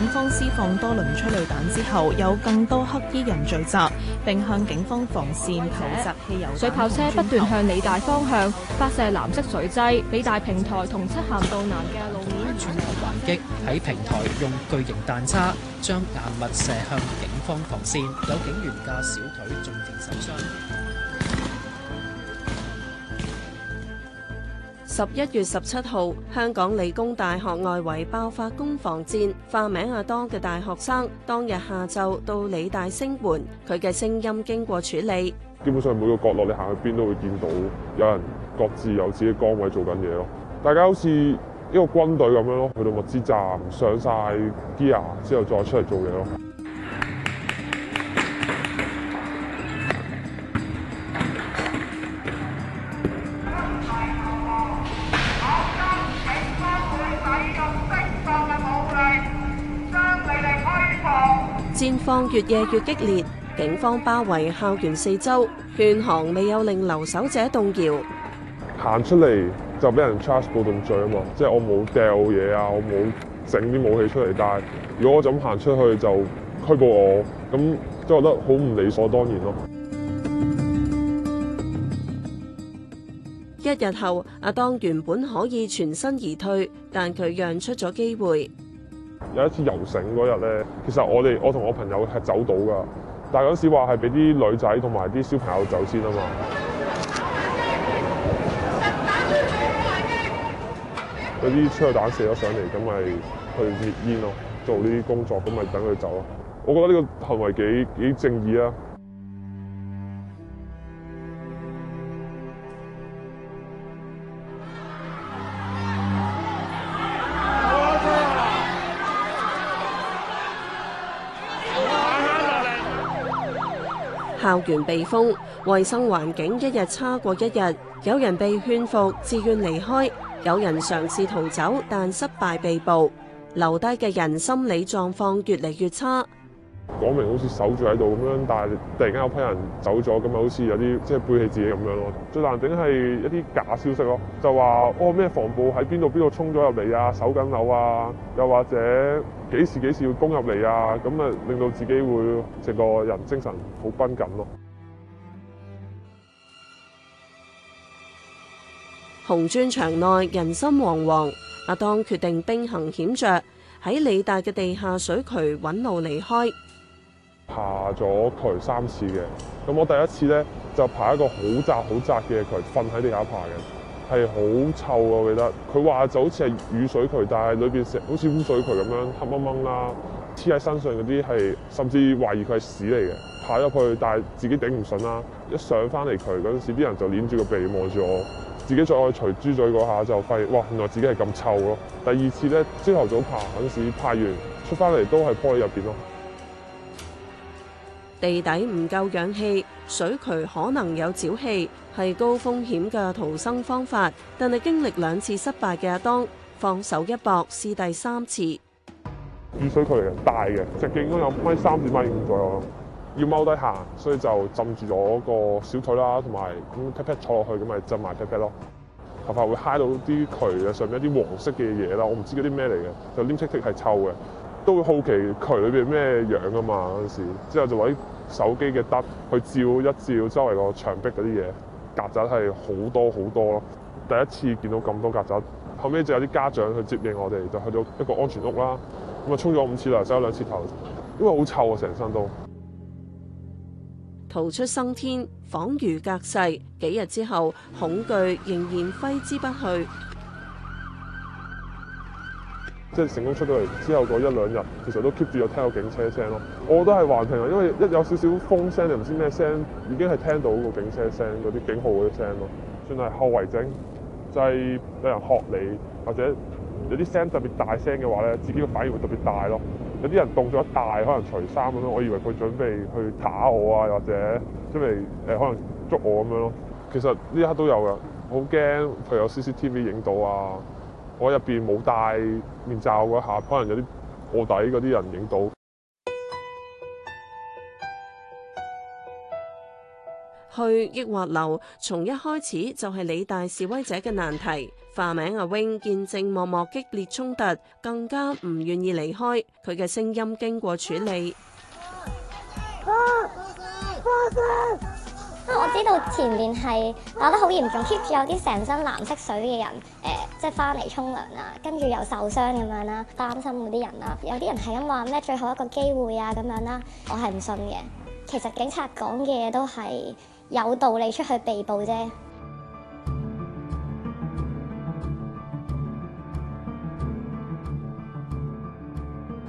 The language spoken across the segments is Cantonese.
警方施放多輪催淚彈之後，有更多黑衣人聚集，並向警方防線投擲汽油彈。水炮車不斷向理大方向發射藍色水劑，理大平台同漆咸道南嘅路面轉頭還擊。喺平台用巨型彈叉將硬物射向警方防線，有警員嘅小腿中箭受傷。十一月十七號，香港理工大學外圍爆發攻防戰，化名阿 Dawn 嘅大學生當日下晝到理大聲援，佢嘅聲音經過處理。基本上每個角落你行去邊都會見到有人各自有自己崗位做緊嘢咯，大家好似一個軍隊咁樣咯，去到物資站上晒啲 gear 之後再出嚟做嘢咯。戰況越夜越激烈，警方包圍校園四周，勸降未有令留守者動搖。行出嚟就俾人 charge 暴動罪啊嘛！即係我冇掉嘢啊，我冇整啲武器出嚟。但係如果我咁行出去就拘捕我，咁即係覺得好唔理所當然咯。一日後，阿當原本可以全身而退，但佢讓出咗機會。有一次遊行嗰日咧，其實我哋我同我朋友係走到㗎，但係嗰時話係俾啲女仔同埋啲小朋友走先啊嘛，有啲槍彈射咗上嚟，咁咪去滅煙咯，做呢啲工作，咁咪等佢走啊。我覺得呢個行為幾幾正義啊！校園被封，衛生環境一日差過一日，有人被勸服，自願離開，有人嘗試逃走，但失敗被捕，留低嘅人心理狀況越嚟越差。講明好似守住喺度咁樣，但係突然間有批人走咗，咁咪好似有啲即係背棄自己咁樣咯。最難頂係一啲假消息咯，就話哦咩防暴喺邊度邊度衝咗入嚟啊，守緊樓啊，又或者幾時幾時要攻入嚟啊，咁啊令到自己會成個人精神好繃緊咯。紅磚牆內人心惶惶，阿 Dawn 決定兵行險着，喺理大嘅地下水渠揾路離開。爬咗渠三次嘅，咁我第一次咧就爬一個好窄好窄嘅渠，瞓喺地下爬嘅，係好臭嘅。我記得佢話就好似係雨水渠，但係裏邊成好似污水渠咁樣黑掹掹啦，黐喺身上嗰啲係，甚至懷疑佢係屎嚟嘅。爬入去，但係自己頂唔順啦，一上翻嚟佢嗰陣時，啲人就捻住個鼻望住我，自己再去除豬嘴嗰下就發現，哇，原來自己係咁臭咯。第二次咧，朝頭早爬嗰陣時，爬完出翻嚟都係鋪喺入邊咯。地底唔夠氧氣，水渠可能有沼氣，係高風險嘅逃生方法。但係經歷兩次失敗嘅阿 Dawn，放手一搏，試第三次。雨水渠嘅大嘅，直徑應該有米三至米五左右。要踎低下，所以就浸住咗個小腿啦，同埋咁 pat pat 坐落去，咁咪浸埋 pat pat 咯。頭髮會揩到啲渠嘅上面一啲黃色嘅嘢啦，我唔知嗰啲咩嚟嘅，就黏 sticky 係臭嘅。都會好奇渠裏邊咩樣啊嘛嗰陣時，之後就攞手機嘅燈去照一照周圍個牆壁嗰啲嘢，曱甴係好多好多咯。第一次見到咁多曱甴，後尾就有啲家長去接應我哋，就去到一個安全屋啦。咁啊，沖咗五次涼，洗咗兩次頭，因為好臭啊，成身都。逃出生天，恍如隔世。幾日之後，恐懼仍然揮之不去。即係成功出到嚟之後，嗰一兩日其實都 keep 住有聽到警車聲咯。我都係幻聽啊，因為一有少少風聲又唔知咩聲，已經係聽到個警車聲，嗰啲警號嗰啲聲咯。算係後遺症，即係有人吓你，或者有啲聲特別大聲嘅話咧，自己個反應會特別大咯。有啲人動作大，可能除衫咁樣，我以為佢準備去打我啊，或者準備誒，可能捉我咁樣咯。其實呢一刻都有噶，好驚佢有 CCTV 影到啊。我入邊冇帶。面罩嘅下，可能有啲臥底嗰啲人影到。去抑或留，從一開始就係理大示威者嘅難題，化名阿 Wing 見證幕幕激烈衝突，更加唔願意離開，佢嘅聲音經過處理。啊啊啊啊啊我知道前面係打得好嚴重，keep 住有啲成身藍色水嘅人，誒、呃，即係翻嚟沖涼啦，跟住又受傷咁樣啦，擔心嗰啲人啦，有啲人係咁話咩最後一個機會啊咁樣啦，我係唔信嘅。其實警察講嘅嘢都係有道理，出去被捕啫。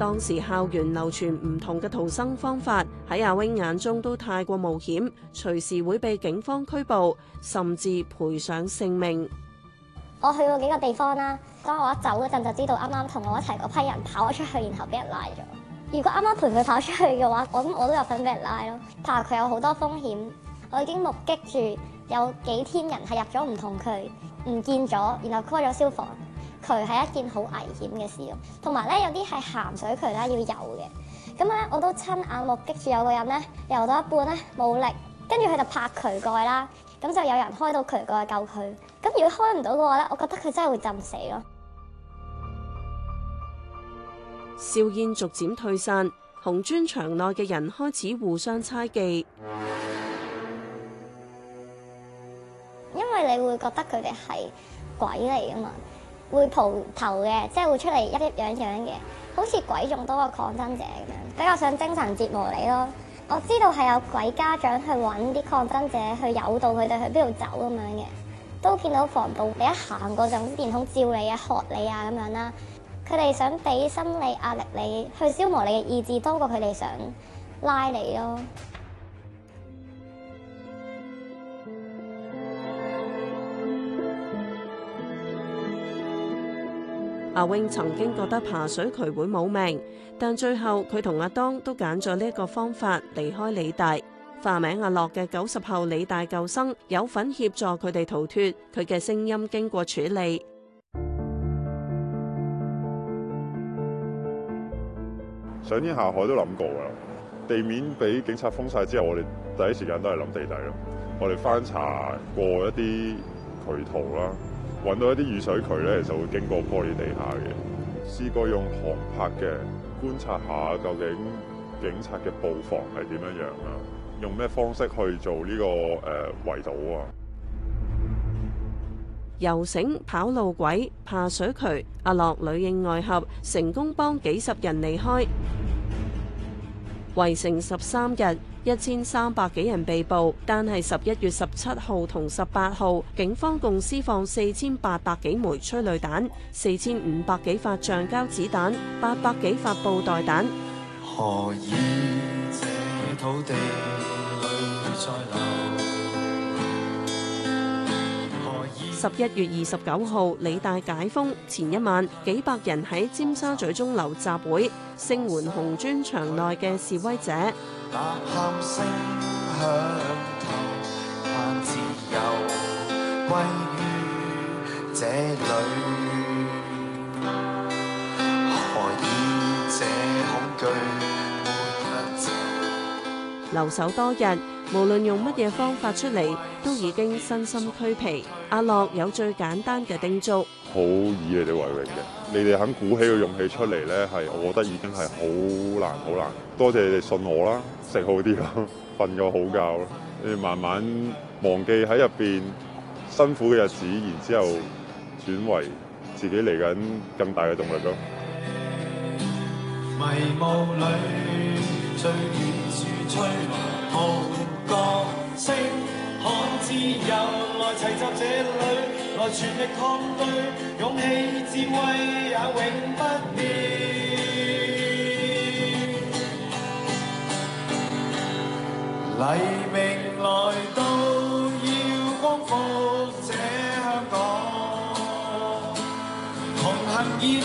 當時校園流傳唔同嘅逃生方法，喺阿 Wing 眼中都太過冒險，隨時會被警方拘捕，甚至賠上性命。我去過幾個地方啦，當我一走嗰陣就知道，啱啱同我一齊嗰批人跑咗出去，然後俾人拉咗。如果啱啱陪佢跑出去嘅話，我諗我都有份俾人拉咯。怕佢有好多風險。我已經目擊住有幾千人係入咗唔同區，唔見咗，然後 call 咗消防。渠係一件好危險嘅事咯，同埋咧有啲係鹹水渠啦要游嘅，咁咧我都親眼目擊住有個人咧游到一半咧冇力，跟住佢就拍渠蓋啦，咁就有人開到渠蓋救佢，咁如果開唔到嘅話咧，我覺得佢真係會浸死咯。硝煙逐漸退散，紅磚牆內嘅人開始互相猜忌，因為你會覺得佢哋係鬼嚟啊嘛。會蒲頭嘅，即係會出嚟一一樣樣嘅，好似鬼仲多過抗爭者咁樣，比較想精神折磨你咯。我知道係有鬼家長去揾啲抗爭者去誘導佢哋去邊度走咁樣嘅，都見到防暴你一行過就電筒照你啊、嚇你啊咁樣啦。佢哋想俾心理壓力你，去消磨你嘅意志多過佢哋想拉你咯。阿 Wing 曾經覺得爬水渠會冇命，但最後佢同阿 Dawn 都揀咗呢一個方法離開理大。化名阿樂嘅九十後理大救生有份協助佢哋逃脱，佢嘅聲音經過處理。上天下海都諗過噶，地面俾警察封晒之後，我哋第一時間都係諗地底咯。我哋翻查過一啲渠圖啦。揾到一啲雨水渠咧，就會經過玻璃地下嘅。試過用航拍嘅觀察下，究竟警察嘅布防係點樣樣啊？用咩方式去做呢個，誒、呃，圍堵啊？遊繩、跑路軌、爬水渠，阿樂女應外合成功幫幾十人離開圍城十三日。一千三百幾人被捕，但係十一月十七號同十八號，警方共施放四千八百幾枚催淚彈、四千五百幾發橡膠子彈、八百幾發布袋彈。十一月二十九號，理大解封前一晚，幾百人喺尖沙咀鐘樓集會，聲援紅磚牆內嘅示威者。喊聲響，同盼自由歸於這裡。何以這恐懼沒得借？留守多日，無論用乜嘢方法出嚟，都已經身心俱疲。阿樂有最簡單嘅叮囑。好以你哋為榮嘅，你哋肯鼓起個勇氣出嚟咧，係我覺得已經係好難好難。多謝你哋信我啦，食好啲咯，瞓 個好覺咯，你哋慢慢忘記喺入邊辛苦嘅日子，然之後轉為自己嚟緊更大嘅動力咯。迷來全力抗對，勇氣智慧也永不滅。 黎明來到，要光復這香港，同行兒女。